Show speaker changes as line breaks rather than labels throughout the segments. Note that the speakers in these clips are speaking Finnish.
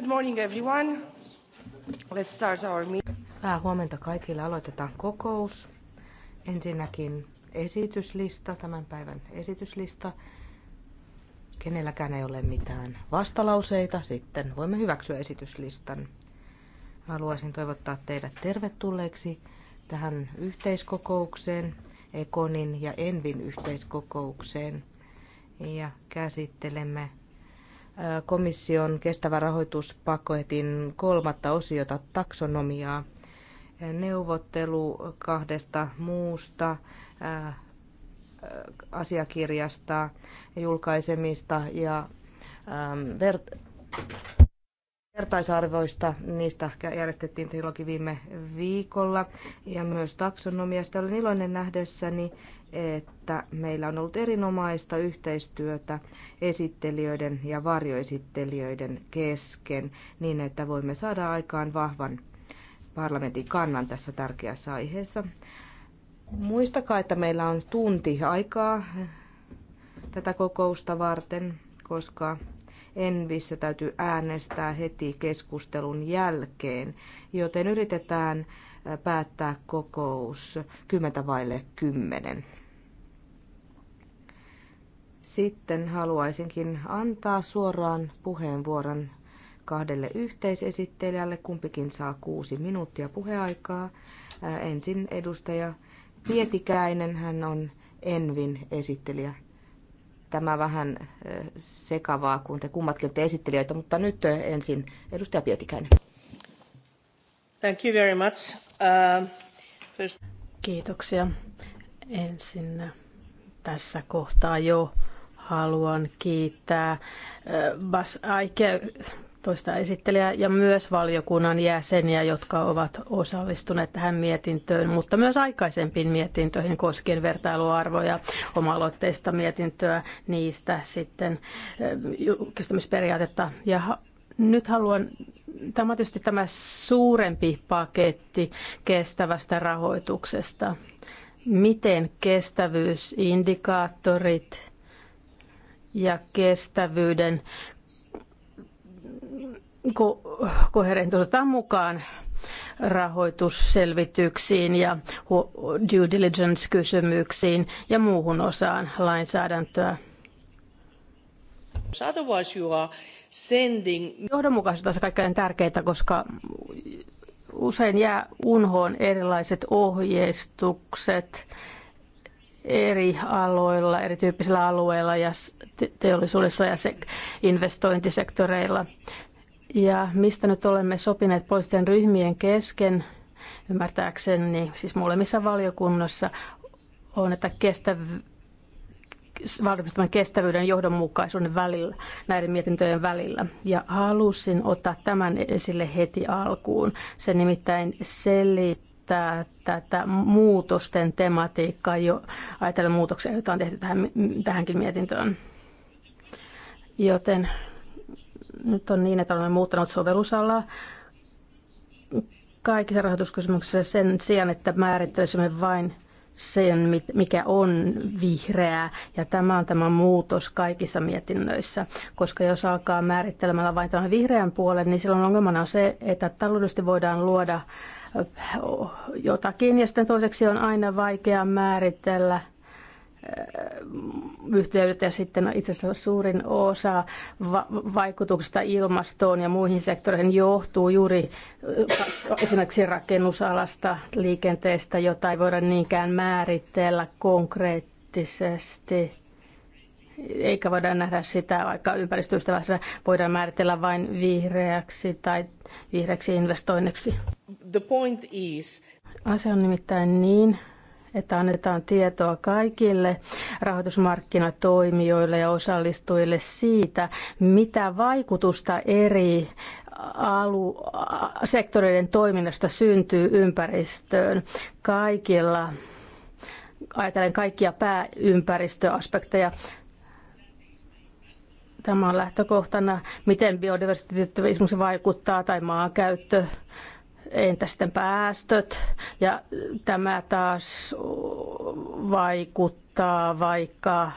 Good morning everyone. Let's start our meeting. Hyvää huomenta kaikille. Aloitetaan kokous. Ensinnäkin esityslista, tämän päivän esityslista. Kenelläkään ei ole mitään vastalauseita, sitten voimme hyväksyä esityslistan. Haluaisin toivottaa teidät tervetulleeksi tähän yhteiskokoukseen, Ekonin ja Envin yhteiskokoukseen. Ja käsittelemme komission kestävän rahoituspaketin kolmatta osiota taksonomiaa. Neuvottelu kahdesta muusta asiakirjasta, julkaisemista ja vert- vertaisarvoista. Niistä järjestettiin silloinkin viime viikolla ja myös taksonomiasta. Olen iloinen nähdessäni, että meillä on ollut erinomaista yhteistyötä esittelijöiden ja varjoesittelijöiden kesken niin, että voimme saada aikaan vahvan parlamentin kannan tässä tärkeässä aiheessa. Muistakaa, että meillä on tunti aikaa tätä kokousta varten, koska Envissä täytyy äänestää heti keskustelun jälkeen, joten yritetään päättää kokous kymmentä vaille kymmenen. Sitten haluaisinkin antaa suoraan puheenvuoron kahdelle yhteisesittelijälle. Kumpikin saa kuusi minuuttia puheaikaa. Ensin edustaja Pietikäinen, hän on Envin esittelijä. Tämä vähän sekavaa, kun te kummatkin olette esittelijöitä, mutta nyt ensin edustaja Pietikäinen. Thank
you very much. Uh, first... Kiitoksia. Ensin tässä kohtaa jo Haluan kiittää Bas Aike, toista esittelijää ja myös valiokunnan jäseniä, jotka ovat osallistuneet tähän mietintöön, mutta myös aikaisempiin mietintöihin koskien vertailuarvoja, oma-aloitteista mietintöä, niistä sitten julkistamisperiaatetta. Ja nyt haluan, tämä on tietysti tämä suurempi paketti kestävästä rahoituksesta. Miten kestävyysindikaattorit, ja kestävyyden ko- koherentisuutta mukaan rahoitusselvityksiin ja due diligence-kysymyksiin ja muuhun osaan lainsäädäntöä.
Johdonmukaisuus
on kaikkein tärkeintä, koska usein jää unhoon erilaiset ohjeistukset eri aloilla, erityyppisillä alueilla ja teollisuudessa ja investointisektoreilla. Ja mistä nyt olemme sopineet poliittisten ryhmien kesken, ymmärtääkseni, siis molemmissa valiokunnassa, on, että kestäv... valmistavan kestävyyden johdonmukaisuuden välillä, näiden mietintöjen välillä. Ja halusin ottaa tämän esille heti alkuun. Se nimittäin selittää käyttää tätä muutosten tematiikkaa jo ajatellen muutoksia, joita on tehty tähän, tähänkin mietintöön. Joten nyt on niin, että olemme muuttaneet sovellusalaa kaikissa rahoituskysymyksissä sen sijaan, että määrittelisimme vain sen, mikä on vihreää. Ja tämä on tämä muutos kaikissa mietinnöissä, koska jos alkaa määrittelemällä vain tämän vihreän puolen, niin silloin ongelmana on se, että taloudellisesti voidaan luoda jotakin ja sitten toiseksi on aina vaikea määritellä äh, yhteydet ja sitten itse asiassa suurin osa va- vaikutuksista ilmastoon ja muihin sektoreihin johtuu juuri äh, esimerkiksi rakennusalasta, liikenteestä, jota ei voida niinkään määritellä konkreettisesti eikä voida nähdä sitä, vaikka ympäristöystävässä voidaan määritellä vain vihreäksi tai vihreäksi investoinneksi.
The point is...
Asia on nimittäin niin, että annetaan tietoa kaikille rahoitusmarkkinatoimijoille ja osallistujille siitä, mitä vaikutusta eri alu, sektoreiden toiminnasta syntyy ympäristöön kaikilla ajatellen kaikkia pääympäristöaspekteja. Tämä on lähtökohtana, miten biodiversiteetti vaikuttaa tai maankäyttö, entä sitten päästöt. Ja tämä taas vaikuttaa vaikka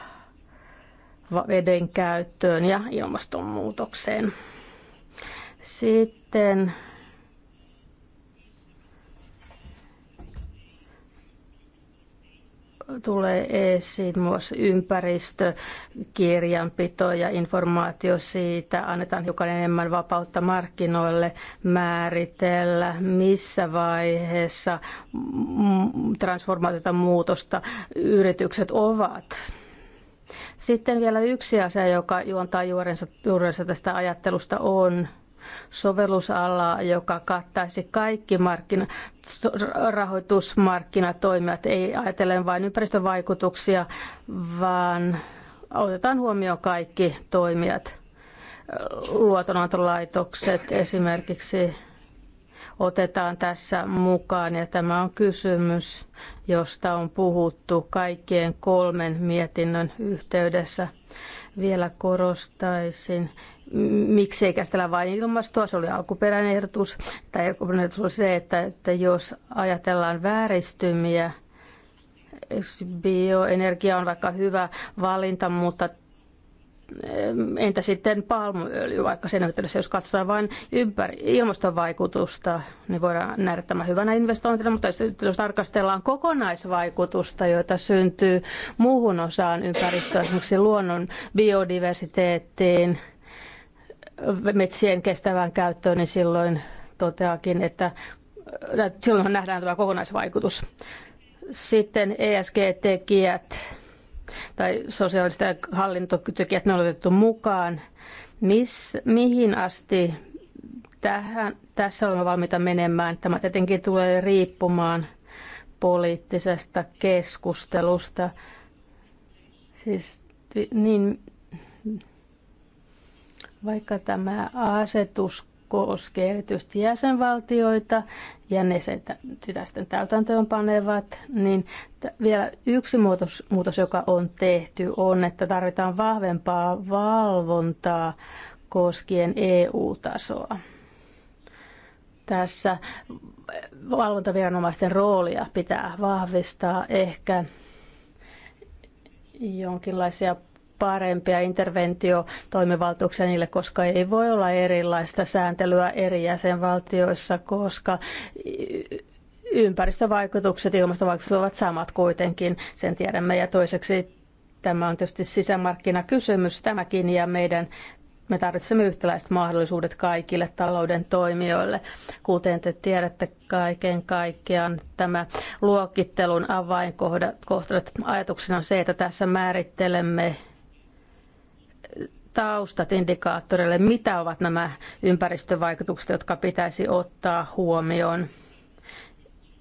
veden käyttöön ja ilmastonmuutokseen. Sitten tulee esiin myös ympäristö, kirjanpito ja informaatio siitä. Annetaan hiukan enemmän vapautta markkinoille määritellä, missä vaiheessa transformaatiota muutosta yritykset ovat. Sitten vielä yksi asia, joka juontaa juurensa, juurensa tästä ajattelusta on – sovellusalaa, joka kattaisi kaikki markkina, rahoitusmarkkinatoimijat, ei ajatellen vain ympäristövaikutuksia, vaan otetaan huomioon kaikki toimijat, luotonantolaitokset esimerkiksi otetaan tässä mukaan. Ja tämä on kysymys, josta on puhuttu kaikkien kolmen mietinnön yhteydessä. Vielä korostaisin, miksi käsitellä vain ilmastoa, se oli alkuperäinen ehdotus, tai alkuperäinen ehdotus oli se, että, että jos ajatellaan vääristymiä, bioenergia on vaikka hyvä valinta, mutta entä sitten palmuöljy, vaikka sen yhteydessä, jos katsotaan vain ympäri ilmastovaikutusta, niin voidaan nähdä tämä hyvänä investointina, mutta jos tarkastellaan kokonaisvaikutusta, joita syntyy muuhun osaan ympäristöä, esimerkiksi luonnon biodiversiteettiin, metsien kestävään käyttöön, niin silloin toteakin, että äh, silloinhan nähdään tämä kokonaisvaikutus. Sitten ESG-tekijät tai sosiaaliset ja hallintotekijät, ne on otettu mukaan. Miss, mihin asti tähän, tässä olemme valmiita menemään? Tämä tietenkin tulee riippumaan poliittisesta keskustelusta. Siis, niin, vaikka tämä asetus koskee erityisesti jäsenvaltioita ja ne sitä, sitä sitten täytäntöön panevat, niin vielä yksi muutos, muutos, joka on tehty, on, että tarvitaan vahvempaa valvontaa koskien EU-tasoa. Tässä valvontaviranomaisten roolia pitää vahvistaa ehkä jonkinlaisia parempia interventiotoimivaltuuksia niille, koska ei voi olla erilaista sääntelyä eri jäsenvaltioissa, koska ympäristövaikutukset, ilmastovaikutukset ovat samat kuitenkin, sen tiedämme. Ja toiseksi tämä on tietysti sisämarkkinakysymys tämäkin ja meidän me tarvitsemme yhtäläiset mahdollisuudet kaikille talouden toimijoille. Kuten te tiedätte, kaiken kaikkiaan tämä luokittelun avainkohdat ajatuksena on se, että tässä määrittelemme taustat indikaattoreille, mitä ovat nämä ympäristövaikutukset, jotka pitäisi ottaa huomioon.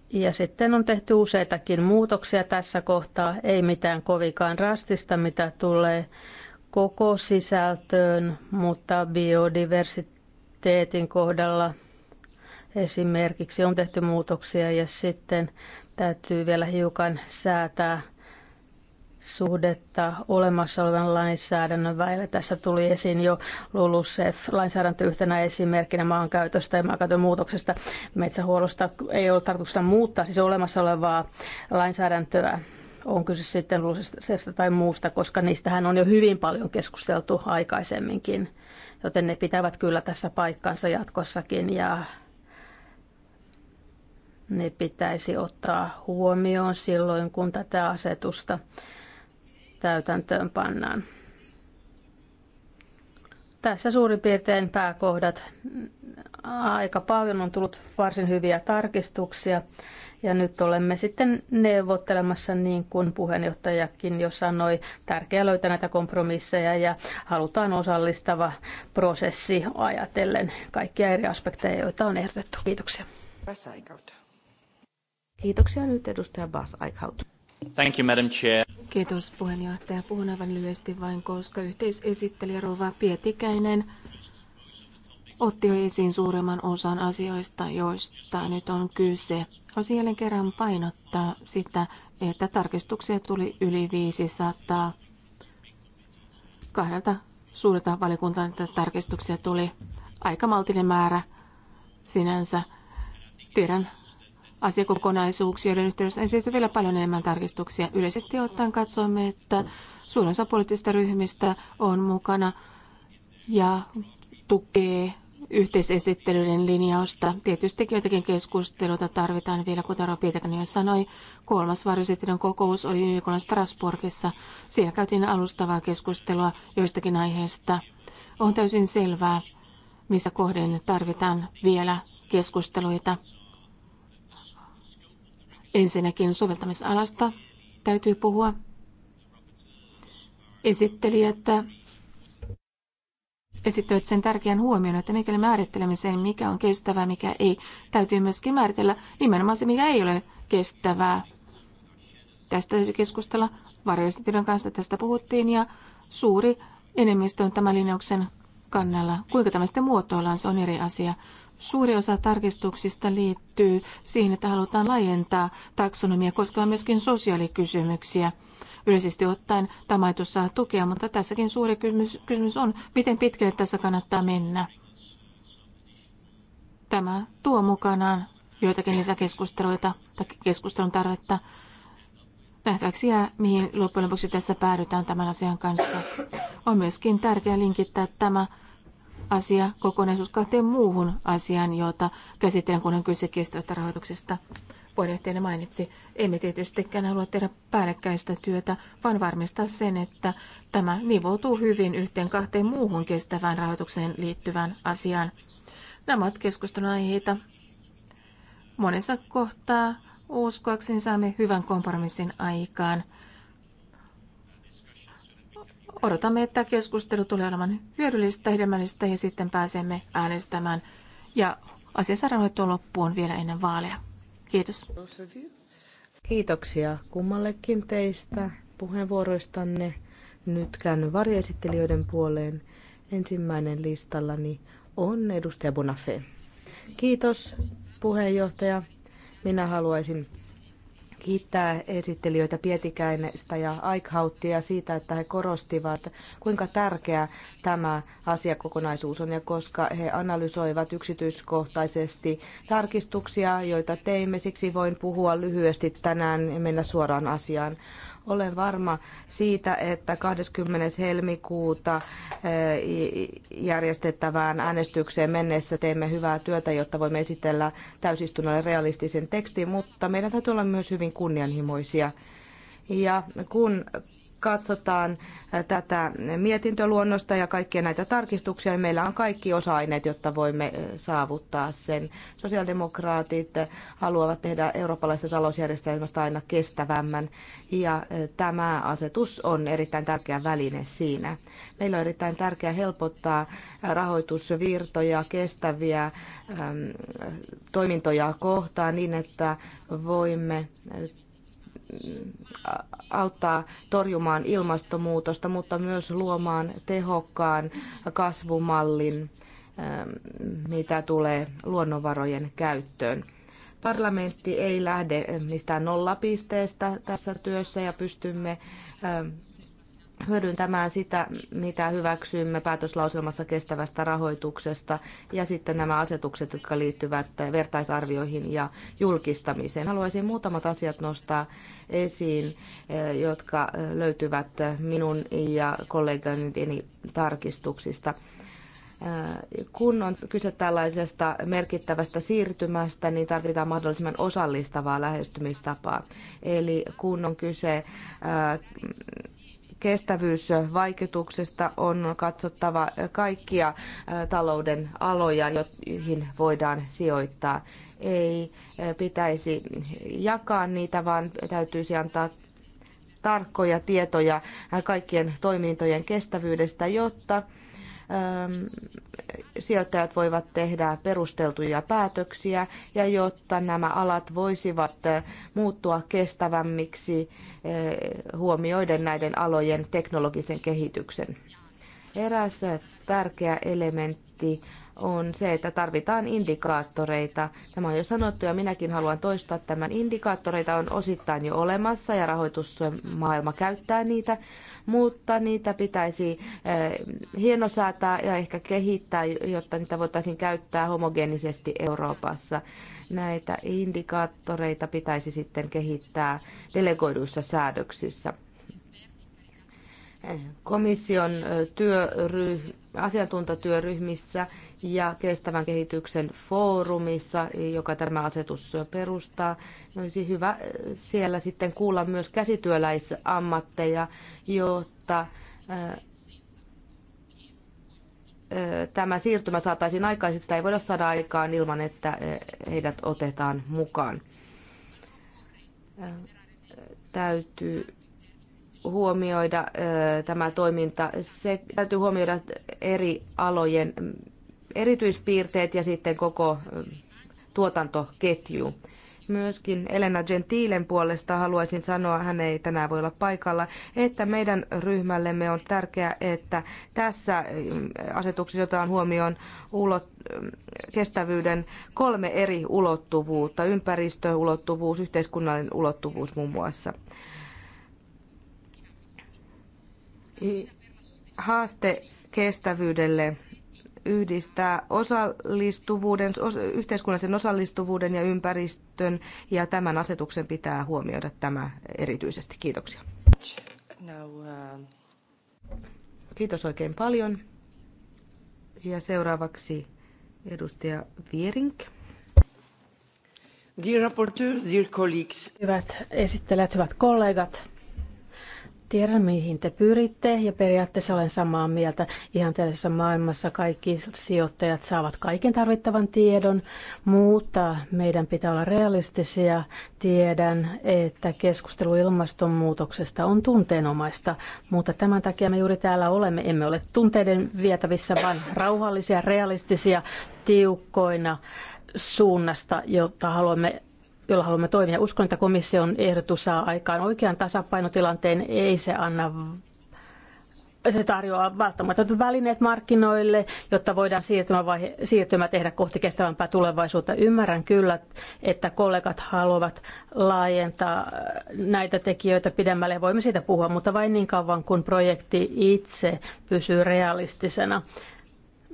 Ja sitten on tehty useitakin muutoksia tässä kohtaa, ei mitään kovikaan rastista, mitä tulee koko sisältöön, mutta biodiversiteetin kohdalla esimerkiksi on tehty muutoksia ja sitten täytyy vielä hiukan säätää suhdetta olemassa olevan lainsäädännön välillä. Tässä tuli esiin jo LULUSEF lainsäädäntö yhtenä esimerkkinä maankäytöstä ja maankäytön muutoksesta. Metsähuollosta ei ole tarkoitus muuttaa siis olemassa olevaa lainsäädäntöä on kyse sitten LULUSEFstä tai muusta, koska niistähän on jo hyvin paljon keskusteltu aikaisemminkin, joten ne pitävät kyllä tässä paikkansa jatkossakin ja ne pitäisi ottaa huomioon silloin, kun tätä asetusta täytäntöön pannaan. Tässä suurin piirtein pääkohdat. Aika paljon on tullut varsin hyviä tarkistuksia ja nyt olemme sitten neuvottelemassa niin kuin puheenjohtajakin jo sanoi. Tärkeää löytää näitä kompromisseja ja halutaan osallistava prosessi ajatellen kaikkia
eri aspekteja, joita on ehdotettu. Kiitoksia. Kiitoksia nyt edustaja Bas Aikhaut.
Thank you, Madam Chair.
Kiitos puheenjohtaja. Puhun aivan lyhyesti vain, koska yhteisesittelijä Rova Pietikäinen otti jo esiin suuremman osan asioista, joista nyt on kyse. Haluaisin jälleen kerran painottaa sitä, että tarkistuksia tuli yli 500. Kahdelta suurelta valiokuntaa tarkistuksia tuli aika maltinen määrä sinänsä. Tiedän asiakokonaisuuksia, joiden yhteydessä esiintyy vielä paljon enemmän tarkistuksia. Yleisesti ottaen katsoimme, että suurin osa poliittisista ryhmistä on mukana ja tukee yhteisesittelyiden linjausta. Tietysti joitakin keskusteluita tarvitaan vielä, kuten Ropi jo sanoi. Kolmas varjosittelyn kokous oli viikolla Strasbourgissa. Siellä käytiin alustavaa keskustelua joistakin aiheista. On täysin selvää, missä kohden tarvitaan vielä keskusteluita. Ensinnäkin soveltamisalasta täytyy puhua. Esittelijät esittävät sen tärkeän huomioon, että mikäli määrittelemme sen, mikä on kestävää, mikä ei, täytyy myöskin määritellä nimenomaan se, mikä ei ole kestävää. Tästä täytyy keskustella varjoistetyön kanssa, tästä puhuttiin, ja suuri enemmistö on tämän linjauksen kannalla. Kuinka tämä sitten muotoillaan, se on eri asia. Suuri osa tarkistuksista liittyy siihen, että halutaan laajentaa taksonomia on myöskin sosiaalikysymyksiä. Yleisesti ottaen tämä saa tukea, mutta tässäkin suuri kysymys, kysymys on, miten pitkälle tässä kannattaa mennä. Tämä tuo mukanaan joitakin lisäkeskusteluita tai keskustelun tarvetta. Nähtäväksi jää, mihin loppujen lopuksi tässä päädytään tämän asian kanssa. On myöskin tärkeää linkittää tämä asia kokonaisuus kahteen muuhun asiaan, jota käsittelen, kun on kyse kestävästä rahoituksesta. Puheenjohtajana mainitsi, emme tietystikään halua tehdä päällekkäistä työtä, vaan varmistaa sen, että tämä nivoutuu hyvin yhteen kahteen muuhun kestävään rahoitukseen liittyvään asiaan. Nämä ovat keskustelun aiheita. Monessa kohtaa uskoakseni saamme hyvän kompromissin aikaan Odotamme, että keskustelu tulee olemaan hyödyllistä, hedelmällistä ja sitten pääsemme äänestämään ja asia saadaan loppuun vielä ennen vaaleja. Kiitos.
Kiitoksia kummallekin teistä puheenvuoroistanne. Nyt käännyn varjoesittelijöiden puoleen. Ensimmäinen listallani on edustaja Bonafé. Kiitos puheenjohtaja. Minä haluaisin kiittää esittelijöitä Pietikäinestä ja Aikhauttia siitä, että he korostivat, kuinka tärkeä tämä asiakokonaisuus on ja koska he analysoivat yksityiskohtaisesti tarkistuksia, joita teimme. Siksi voin puhua lyhyesti tänään ja mennä suoraan asiaan. Olen varma siitä, että 20. helmikuuta eh, järjestettävään äänestykseen mennessä teemme hyvää työtä, jotta voimme esitellä täysistunnolle realistisen tekstin, mutta meidän täytyy olla myös hyvin kunnianhimoisia. Ja kun katsotaan tätä mietintöluonnosta ja kaikkia näitä tarkistuksia, meillä on kaikki osa-aineet, jotta voimme saavuttaa sen. Sosiaalidemokraatit haluavat tehdä eurooppalaisesta talousjärjestelmästä aina kestävämmän ja tämä asetus on erittäin tärkeä väline siinä. Meillä on erittäin tärkeää helpottaa rahoitusvirtoja, kestäviä toimintoja kohtaan niin, että voimme auttaa torjumaan ilmastonmuutosta, mutta myös luomaan tehokkaan kasvumallin, ähm, mitä tulee luonnonvarojen käyttöön. Parlamentti ei lähde äh, mistään nollapisteestä tässä työssä ja pystymme ähm, hyödyntämään sitä, mitä hyväksyimme päätöslauselmassa kestävästä rahoituksesta ja sitten nämä asetukset, jotka liittyvät vertaisarvioihin ja julkistamiseen. Haluaisin muutamat asiat nostaa esiin, eh, jotka eh, löytyvät minun ja kollegani tarkistuksista eh, kun on kyse tällaisesta merkittävästä siirtymästä, niin tarvitaan mahdollisimman osallistavaa lähestymistapaa. Eli kun on kyse kestävyysvaikutuksesta on katsottava kaikkia talouden aloja, joihin voidaan sijoittaa. Ei pitäisi jakaa niitä, vaan täytyisi antaa tarkkoja tietoja kaikkien toimintojen kestävyydestä, jotta sijoittajat voivat tehdä perusteltuja päätöksiä ja jotta nämä alat voisivat muuttua kestävämmiksi Eh, huomioiden näiden alojen teknologisen kehityksen. Eräs tärkeä elementti on se, että tarvitaan indikaattoreita. Tämä on jo sanottu ja minäkin haluan toistaa tämän. Indikaattoreita on osittain jo olemassa ja rahoitusmaailma käyttää niitä, mutta niitä pitäisi eh, hienosäätää ja ehkä kehittää, jotta niitä voitaisiin käyttää homogeenisesti Euroopassa. Näitä indikaattoreita pitäisi sitten kehittää delegoiduissa säädöksissä komission työryh- asiantuntatyöryhmissä ja kestävän kehityksen foorumissa, joka tämä asetus perustaa. Olisi hyvä siellä sitten kuulla myös käsityöläisammatteja, jotta tämä siirtymä saataisiin aikaiseksi. tai ei voida saada aikaan ilman, että heidät otetaan mukaan. Täytyy huomioida tämä toiminta. Se täytyy huomioida eri alojen erityispiirteet ja sitten koko tuotantoketju. Myöskin Elena Gentilen puolesta haluaisin sanoa, hän ei tänään voi olla paikalla, että meidän ryhmällemme on tärkeää, että tässä asetuksessa otetaan huomioon ulot, kestävyyden kolme eri ulottuvuutta, ympäristöulottuvuus, yhteiskunnallinen ulottuvuus muun muassa haaste kestävyydelle yhdistää osallistuvuuden, yhteiskunnallisen osallistuvuuden ja ympäristön, ja tämän asetuksen pitää huomioida tämä erityisesti. Kiitoksia.
Uh,
Kiitos oikein paljon. Ja seuraavaksi edustaja Vierink. Dear rapporteurs, dear colleagues. Hyvät
esittelijät, hyvät kollegat. Tiedän, mihin te pyritte ja periaatteessa olen samaa mieltä. Ihan tällaisessa maailmassa kaikki sijoittajat saavat kaiken tarvittavan tiedon, mutta meidän pitää olla realistisia. Tiedän, että keskustelu ilmastonmuutoksesta on tunteenomaista, mutta tämän takia me juuri täällä olemme. Emme ole tunteiden vietävissä, vaan rauhallisia, realistisia, tiukkoina suunnasta, jota haluamme jolla haluamme toimia. Uskon, että komission ehdotus saa aikaan oikean tasapainotilanteen. Ei se anna se tarjoaa välttämättä välineet markkinoille, jotta voidaan siirtymävaihe, siirtymä tehdä kohti kestävämpää tulevaisuutta. Ymmärrän kyllä, että kollegat haluavat laajentaa näitä tekijöitä pidemmälle. Voimme siitä puhua, mutta vain niin kauan, kun projekti itse pysyy realistisena.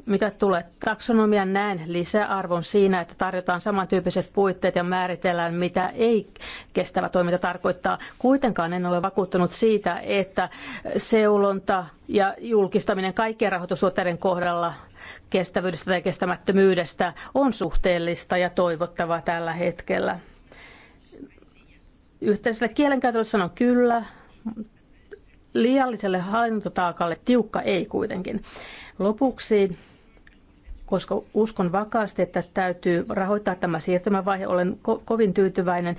Mitä tulee taksonomian, näen lisäarvon siinä, että tarjotaan samantyyppiset puitteet ja määritellään, mitä ei kestävä toiminta tarkoittaa. Kuitenkaan en ole vakuuttunut siitä, että seulonta ja julkistaminen kaikkien rahoitustuotteiden kohdalla kestävyydestä tai kestämättömyydestä on suhteellista ja toivottavaa tällä hetkellä. Yhteisellä kielenkäytöllä sanon kyllä, liialliselle hallintotaakalle tiukka ei kuitenkin. Lopuksi koska uskon vakaasti, että täytyy rahoittaa tämä siirtymävaihe. Olen ko- kovin tyytyväinen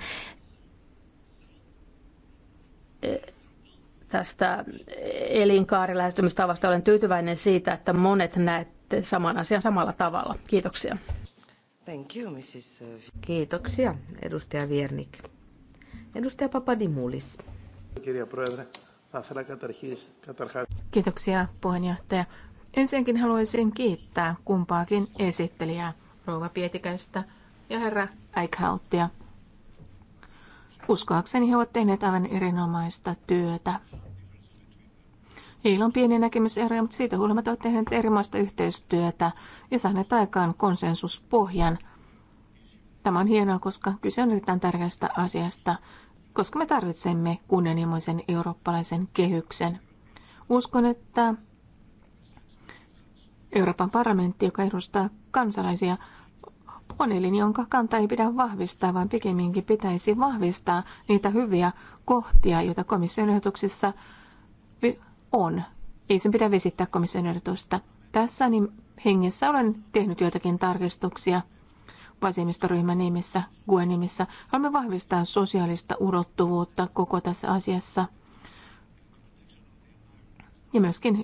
eh, tästä elinkaarilähestymistavasta. Olen tyytyväinen siitä, että monet näette saman asian samalla tavalla. Kiitoksia.
Thank you, Mrs. Eh,
Kiitoksia,
edustaja Viernik. Edustaja Papadimulis. Kirja Kiitoksia,
puheenjohtaja. Ensinnäkin haluaisin kiittää kumpaakin esittelijää, Rouva Pietikäistä ja herra Eichhauttia. Uskoakseni he ovat tehneet aivan erinomaista työtä. Heillä on pieni näkemyseroja, mutta siitä huolimatta ovat tehneet erilaista yhteistyötä ja saaneet aikaan konsensuspohjan. Tämä on hienoa, koska kyse on erittäin tärkeästä asiasta, koska me tarvitsemme kunnianhimoisen eurooppalaisen kehyksen. Uskon, että Euroopan parlamentti, joka edustaa kansalaisia, on elin, jonka kanta ei pidä vahvistaa, vaan pikemminkin pitäisi vahvistaa niitä hyviä kohtia, joita komission ehdotuksissa on. Ei sen pidä vesittää komission ehdotusta. Tässä niin hengessä olen tehnyt joitakin tarkistuksia vasemmistoryhmän nimissä, GUE nimissä. Haluamme vahvistaa sosiaalista urottuvuutta koko tässä asiassa – ja myöskin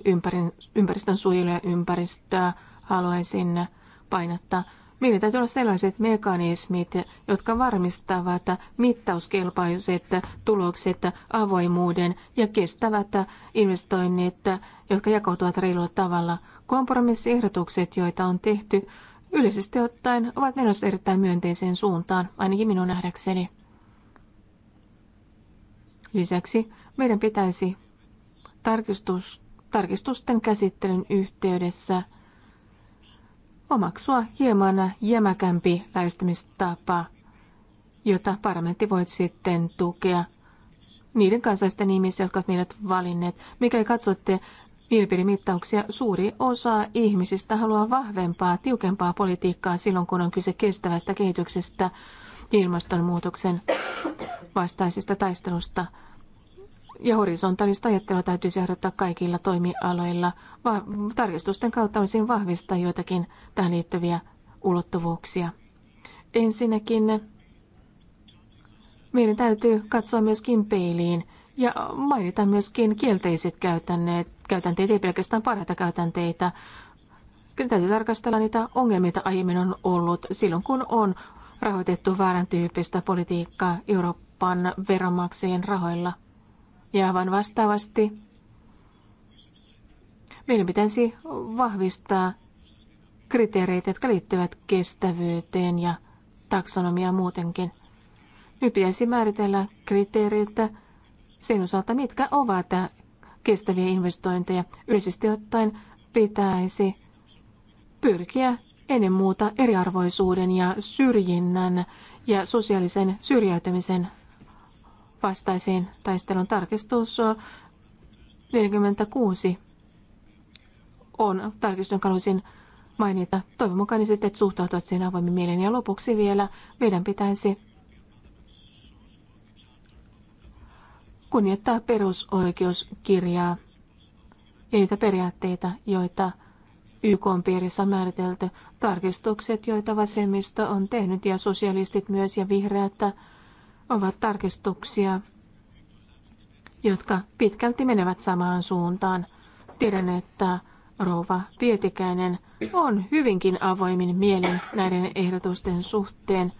ympäristön suojelu ja ympäristöä haluaisin painottaa. Meillä täytyy olla sellaiset mekanismit, jotka varmistavat mittauskelpoiset tulokset, avoimuuden ja kestävät investoinnit, jotka jakautuvat reilulla tavalla. Kompromissiehdotukset, joita on tehty yleisesti ottaen, ovat menossa erittäin myönteiseen suuntaan, ainakin minun nähdäkseni. Lisäksi meidän pitäisi tarkistus, tarkistusten käsittelyn yhteydessä omaksua hieman jämäkämpi lähestymistapa, jota parlamentti voi sitten tukea niiden kansallisten ihmisiä jotka meidät valinneet. Mikäli katsotte mielipidemittauksia, suuri osa ihmisistä haluaa vahvempaa, tiukempaa politiikkaa silloin, kun on kyse kestävästä kehityksestä, ilmastonmuutoksen vastaisesta taistelusta – ja horisontaalista ajattelua täytyisi harjoittaa kaikilla toimialoilla. Va- tarkistusten kautta olisin vahvistaa joitakin tähän liittyviä ulottuvuuksia. Ensinnäkin meidän täytyy katsoa myöskin peiliin ja mainita myöskin kielteiset käytänneet, käytänteet, ei pelkästään parhaita käytänteitä. Täytyy tarkastella niitä ongelmia, mitä aiemmin on ollut silloin, kun on rahoitettu väärän tyyppistä politiikkaa Euroopan veronmaksajien rahoilla – ja aivan vastaavasti meidän pitäisi vahvistaa kriteereitä, jotka liittyvät kestävyyteen ja taksonomiaan muutenkin. Nyt pitäisi määritellä kriteereitä sen osalta, mitkä ovat kestäviä investointeja. Yleisesti ottaen pitäisi pyrkiä ennen muuta eriarvoisuuden ja syrjinnän ja sosiaalisen syrjäytymisen vastaisiin taistelun tarkistus 46 on tarkistus, kaluisin mainita. Toivon mukaan sitten suhtautuvat siihen avoimin mielen. Ja lopuksi vielä meidän pitäisi kunnioittaa perusoikeuskirjaa ja niitä periaatteita, joita YK on piirissä määritelty. Tarkistukset, joita vasemmisto on tehnyt ja sosialistit myös ja vihreät ovat tarkistuksia, jotka pitkälti menevät samaan suuntaan. Tiedän, että rouva Pietikäinen on hyvinkin avoimin mielen näiden ehdotusten suhteen.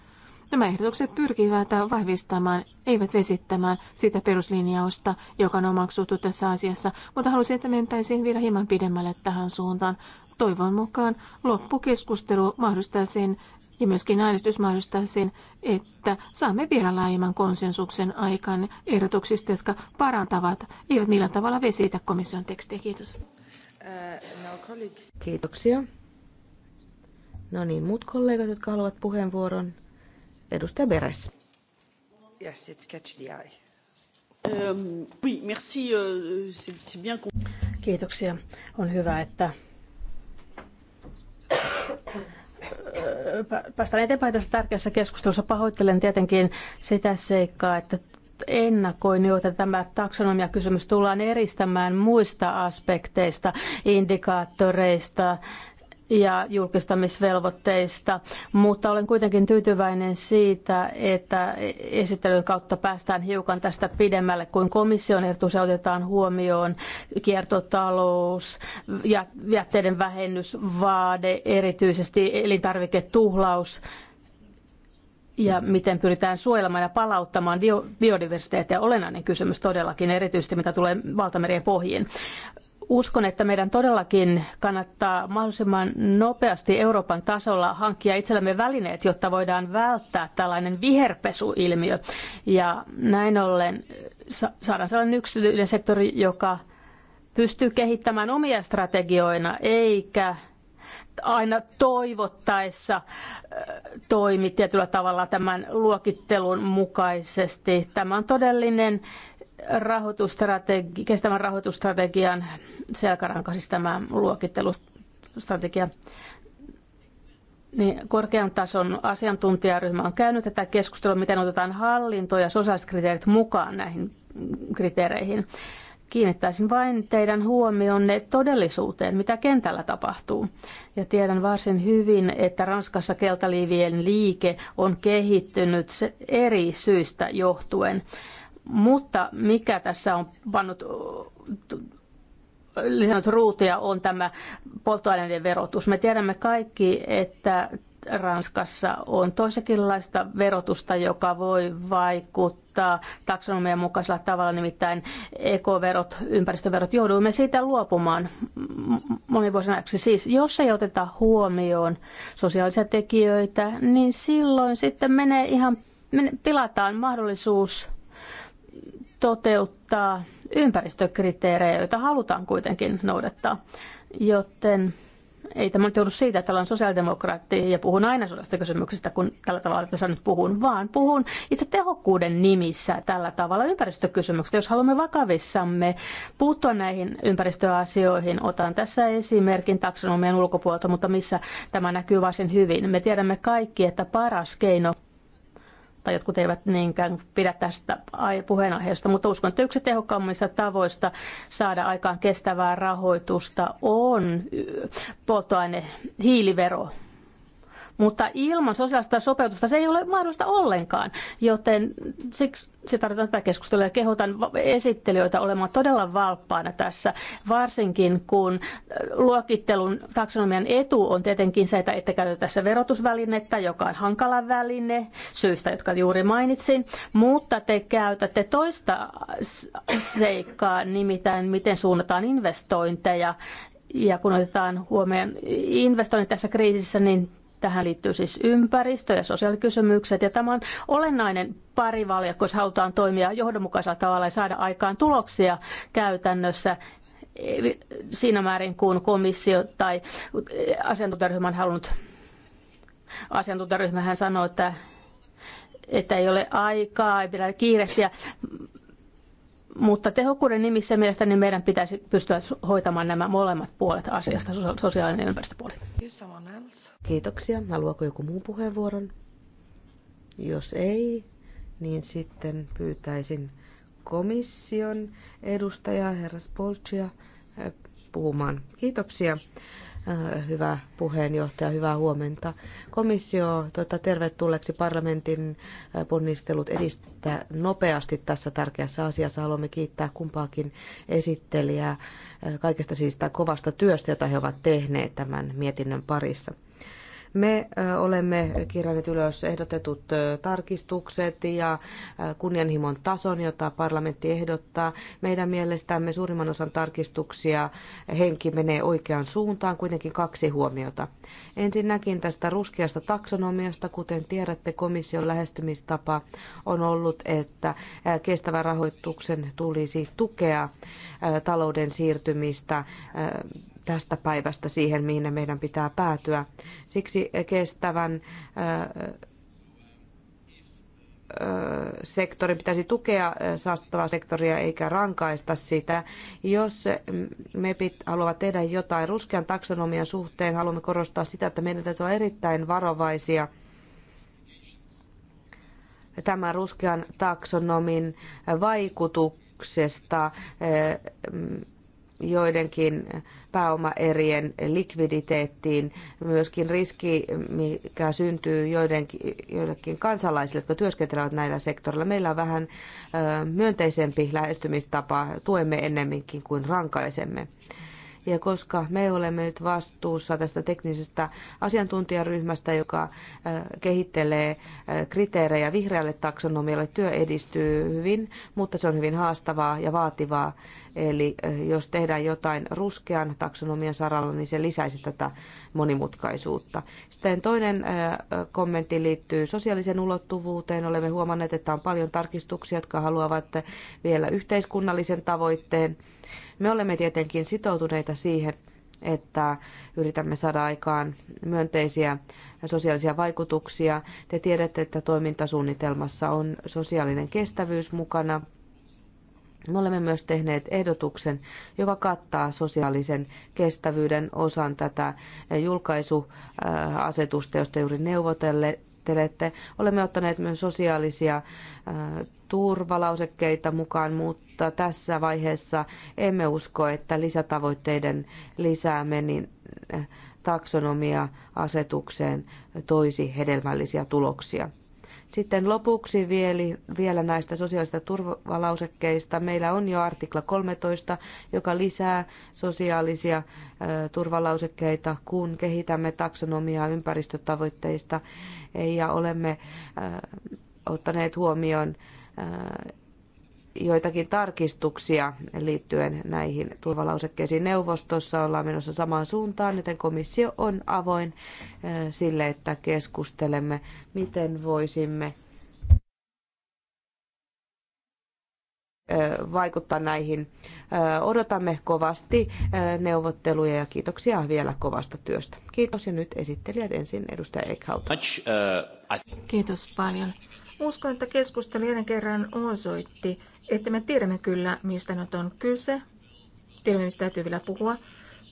Nämä ehdotukset pyrkivät vahvistamaan, eivät vesittämään sitä peruslinjausta, joka on omaksuttu tässä asiassa, mutta halusin, että mentäisiin vielä hieman pidemmälle tähän suuntaan. Toivon mukaan loppukeskustelu mahdollistaa sen, ja myöskin äänestys mahdollistaa sen, että saamme vielä laajemman konsensuksen aikaan ehdotuksista, jotka parantavat, eivät millään tavalla vesitä komission tekstiä. Kiitos.
Kiitoksia. No niin, muut kollegat, jotka haluavat puheenvuoron. Edustaja Beres. Yes, it's catch the eye. Um, oui, merci. Euh, c'est bien
Kiitoksia. On hyvä, että päästään eteenpäin tässä tärkeässä keskustelussa. Pahoittelen tietenkin sitä seikkaa, että ennakoin jo, että tämä taksonomiakysymys tullaan eristämään muista aspekteista, indikaattoreista, ja julkistamisvelvoitteista, mutta olen kuitenkin tyytyväinen siitä, että esittelyn kautta päästään hiukan tästä pidemmälle, kuin komission ehdotus otetaan huomioon kiertotalous, ja jätteiden vähennysvaade, erityisesti elintarviketuhlaus, ja miten pyritään suojelemaan ja palauttamaan biodiversiteettiä. Olennainen kysymys todellakin, erityisesti mitä tulee valtamerien pohjiin uskon, että meidän todellakin kannattaa mahdollisimman nopeasti Euroopan tasolla hankkia itsellemme välineet, jotta voidaan välttää tällainen viherpesuilmiö. Ja näin ollen saadaan sellainen yksityinen sektori, joka pystyy kehittämään omia strategioina, eikä aina toivottaessa toimi tietyllä tavalla tämän luokittelun mukaisesti. Tämä on todellinen rahoitusstrategi- kestävän rahoitusstrategian selkäranka, siis tämä luokittelustrategia. Niin korkean tason asiantuntijaryhmä on käynyt tätä keskustelua, miten otetaan hallinto- ja sosiaaliskriteerit mukaan näihin kriteereihin. Kiinnittäisin vain teidän huomionne todellisuuteen, mitä kentällä tapahtuu. Ja tiedän varsin hyvin, että Ranskassa keltaliivien liike on kehittynyt eri syistä johtuen mutta mikä tässä on pannut lisännyt ruutia on tämä polttoaineiden verotus. Me tiedämme kaikki, että Ranskassa on toisenkinlaista verotusta, joka voi vaikuttaa taksonomian mukaisella tavalla, nimittäin ekoverot, ympäristöverot, jouduimme siitä luopumaan monivuosinaksi. Siis jos ei oteta huomioon sosiaalisia tekijöitä, niin silloin sitten menee ihan, pilataan mahdollisuus toteuttaa ympäristökriteerejä, joita halutaan kuitenkin noudattaa. Joten ei tämä nyt joudu siitä, että olen sosiaalidemokraatti ja puhun aina sellaista kysymyksistä, kun tällä tavalla tässä nyt puhun, vaan puhun itse tehokkuuden nimissä tällä tavalla ympäristökysymyksistä. Jos haluamme vakavissamme puuttua näihin ympäristöasioihin, otan tässä esimerkin taksonomian ulkopuolelta, mutta missä tämä näkyy varsin hyvin. Me tiedämme kaikki, että paras keino tai jotkut eivät niinkään pidä tästä puheenaiheesta. Mutta uskon, että yksi tehokkaammista tavoista saada aikaan kestävää rahoitusta on polttoaine hiilivero mutta ilman sosiaalista sopeutusta se ei ole mahdollista ollenkaan, joten siksi se tarvitaan tätä keskustelua ja kehotan esittelijöitä olemaan todella valppaana tässä, varsinkin kun äh, luokittelun taksonomian etu on tietenkin se, että ette käytä tässä verotusvälinettä, joka on hankala väline syystä, jotka juuri mainitsin, mutta te käytätte toista seikkaa, nimittäin miten suunnataan investointeja ja kun otetaan huomioon investoinnit tässä kriisissä, niin Tähän liittyy siis ympäristö- ja sosiaalikysymykset, ja tämä on olennainen parivaljakko, jos halutaan toimia johdonmukaisella tavalla ja saada aikaan tuloksia käytännössä e, siinä määrin, kun komissio tai asiantuntijaryhmä on halunnut. Asiantuntijaryhmähän sanoo, että että ei ole aikaa, ei pidä kiirehtiä. Mutta tehokkuuden nimissä mielestäni niin meidän pitäisi pystyä hoitamaan nämä molemmat
puolet asiasta, sosiaalinen ja ympäristöpuoli. Kiitoksia. Haluaako joku muu puheenvuoron? Jos ei, niin sitten pyytäisin komission edustajaa, herra Spolcia, puhumaan. Kiitoksia, äh, hyvä puheenjohtaja, hyvää huomenta. Komissio tuota, tervetulleeksi parlamentin äh, ponnistelut edistää nopeasti tässä tärkeässä asiassa. Haluamme kiittää kumpaakin esittelijää äh, kaikesta siis kovasta työstä, jota he ovat tehneet tämän mietinnön parissa. Me olemme kirjanneet ylös ehdotetut tarkistukset ja kunnianhimon tason, jota parlamentti ehdottaa. Meidän mielestämme suurimman osan tarkistuksia henki menee oikeaan suuntaan, kuitenkin kaksi huomiota. Ensinnäkin tästä ruskeasta taksonomiasta, kuten tiedätte, komission lähestymistapa on ollut, että kestävän rahoituksen tulisi tukea talouden siirtymistä tästä päivästä siihen, mihin meidän pitää päätyä. Siksi kestävän sektori pitäisi tukea saastuttavaa sektoria eikä rankaista sitä. Jos me haluavat tehdä jotain ruskean taksonomian suhteen, haluamme korostaa sitä, että meidän täytyy olla erittäin varovaisia tämän ruskean taksonomin vaikutuksia sijoituksesta, eh, mm, joidenkin pääomaerien likviditeettiin, myöskin riski, mikä syntyy joidenkin, joillekin kansalaisille, jotka työskentelevät näillä sektoreilla. Meillä on vähän eh, myönteisempi lähestymistapa, tuemme ennemminkin kuin rankaisemme. Ja koska me olemme nyt vastuussa tästä teknisestä asiantuntijaryhmästä, joka äh, kehittelee äh, kriteerejä vihreälle taksonomialle, työ edistyy hyvin, mutta se on hyvin haastavaa ja vaativaa. Eli äh, jos tehdään jotain ruskean taksonomian saralla, niin se lisäisi tätä monimutkaisuutta. Sitten toinen kommentti liittyy sosiaaliseen ulottuvuuteen. Olemme huomanneet, että on paljon tarkistuksia, jotka haluavat vielä yhteiskunnallisen tavoitteen me olemme tietenkin sitoutuneita siihen, että yritämme saada aikaan myönteisiä sosiaalisia vaikutuksia. Te tiedätte, että toimintasuunnitelmassa on sosiaalinen kestävyys mukana. Me olemme myös tehneet ehdotuksen, joka kattaa sosiaalisen kestävyyden osan tätä julkaisuasetusta, josta juuri neuvotelle esittelette. Olemme ottaneet myös sosiaalisia äh, turvalausekkeita mukaan, mutta tässä vaiheessa emme usko, että lisätavoitteiden lisääminen niin, äh, taksonomia-asetukseen toisi hedelmällisiä tuloksia. Sitten lopuksi vielä näistä sosiaalista turvalausekkeista. Meillä on jo artikla 13, joka lisää sosiaalisia turvalausekkeita, kun kehitämme taksonomiaa ympäristötavoitteista ja olemme ottaneet huomioon joitakin tarkistuksia liittyen näihin turvalausekkeisiin neuvostossa. Ollaan menossa samaan suuntaan, joten komissio on avoin sille, että keskustelemme, miten voisimme vaikuttaa näihin. Odotamme kovasti neuvotteluja ja kiitoksia vielä kovasta työstä. Kiitos ja nyt esittelijät ensin edustaja Eichhout. Kiitos paljon. Uskon, että keskustelu jälleen kerran osoitti,
että me tiedämme kyllä, mistä nyt on kyse. Tiedämme, mistä täytyy vielä puhua.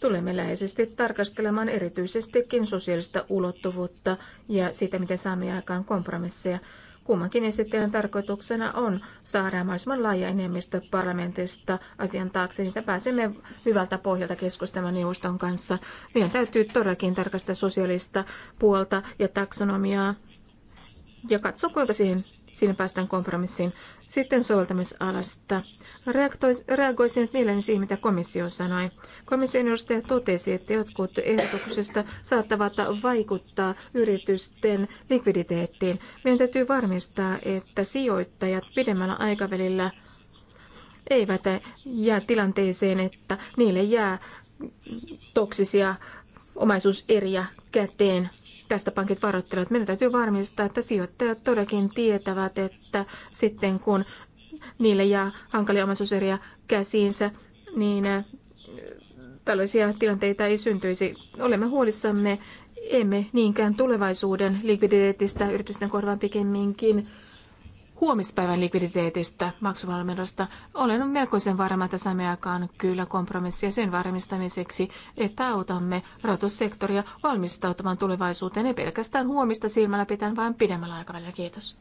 Tulemme läheisesti tarkastelemaan erityisestikin sosiaalista ulottuvuutta ja sitä, miten saamme aikaan kompromisseja. Kummankin esittelyn tarkoituksena on saada mahdollisimman laaja enemmistö parlamentista asian taakse, niin pääsemme hyvältä pohjalta keskustelemaan neuvoston kanssa. Meidän täytyy todellakin tarkastaa sosiaalista puolta ja taksonomiaa ja katsoa, kuinka siihen, siinä päästään kompromissiin. Sitten soveltamisalasta. Reagoisin nyt mieleeni siihen, mitä komissio sanoi. Komission edustaja totesi, että jotkut ehdotuksista saattavat vaikuttaa yritysten likviditeettiin. Meidän täytyy varmistaa, että sijoittajat pidemmällä aikavälillä eivät jää tilanteeseen, että niille jää toksisia omaisuuseriä käteen Tästä pankit varoittelevat. Meidän täytyy varmistaa, että sijoittajat todellakin tietävät, että sitten kun niille jää hankalia omaisuuseriä käsiinsä, niin äh, tällaisia tilanteita ei syntyisi. Olemme huolissamme emme niinkään tulevaisuuden likviditeetistä yritysten korvaan pikemminkin huomispäivän likviditeetistä maksuvalmiudesta. Olen melkoisen varma, että saamme aikaan kyllä kompromissia sen varmistamiseksi, että autamme rahoitussektoria valmistautumaan tulevaisuuteen, ei pelkästään huomista silmällä pitäen, vaan pidemmällä aikavälillä. Kiitos.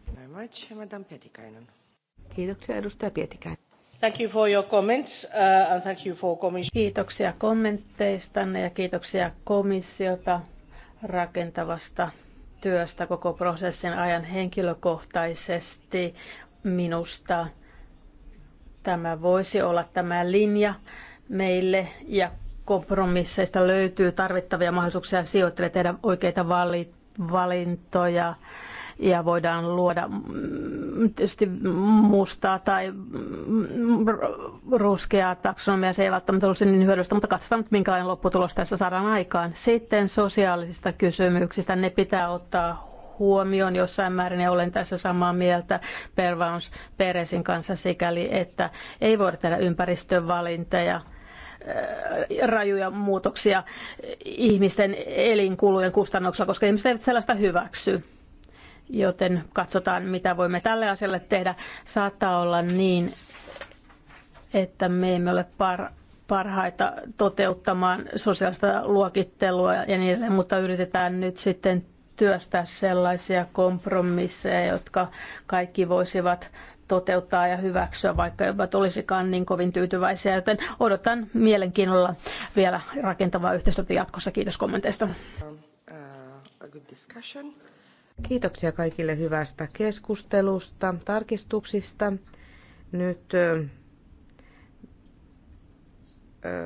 Kiitoksia edustaja Pietikäinen. Thank you for your comments, uh, and thank you for commission. Kiitoksia kommentteistanne
ja kiitoksia komissiota rakentavasta työstä koko prosessin ajan henkilökohtaisesti. Minusta tämä voisi olla tämä linja meille ja kompromisseista löytyy tarvittavia mahdollisuuksia sijoittajille tehdä oikeita valintoja ja voidaan luoda mm, tietysti mustaa tai mm, ruskeaa taksonomia. Se ei välttämättä olisi niin hyödyllistä, mutta katsotaan nyt minkälainen lopputulos tässä saadaan aikaan. Sitten sosiaalisista kysymyksistä ne pitää ottaa huomioon jossain määrin ja olen tässä samaa mieltä Pervaus Peresin kanssa sikäli, että ei voida tehdä ympäristövalintoja äh, rajuja muutoksia ihmisten elinkulujen kustannuksella, koska ihmiset eivät sellaista hyväksy joten katsotaan, mitä voimme tälle asialle tehdä. Saattaa olla niin, että me emme ole par, parhaita toteuttamaan sosiaalista luokittelua ja niin edelleen, mutta yritetään nyt sitten työstää sellaisia kompromisseja, jotka kaikki voisivat toteuttaa ja hyväksyä, vaikka eivät olisikaan niin kovin tyytyväisiä. Joten odotan mielenkiinnolla vielä
rakentavaa yhteistyötä jatkossa. Kiitos kommenteista. Um, uh, Kiitoksia kaikille hyvästä keskustelusta, tarkistuksista. Nyt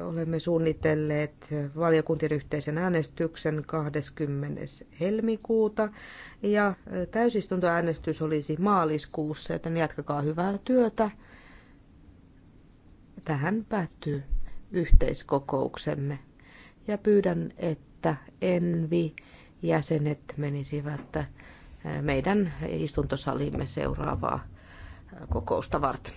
olemme suunnitelleet valiokuntien yhteisen äänestyksen 20. helmikuuta ja täysistuntoäänestys olisi maaliskuussa, joten jatkakaa hyvää työtä. Tähän päättyy yhteiskokouksemme ja pyydän, että envi jäsenet menisivät meidän istuntosalimme seuraavaa kokousta varten.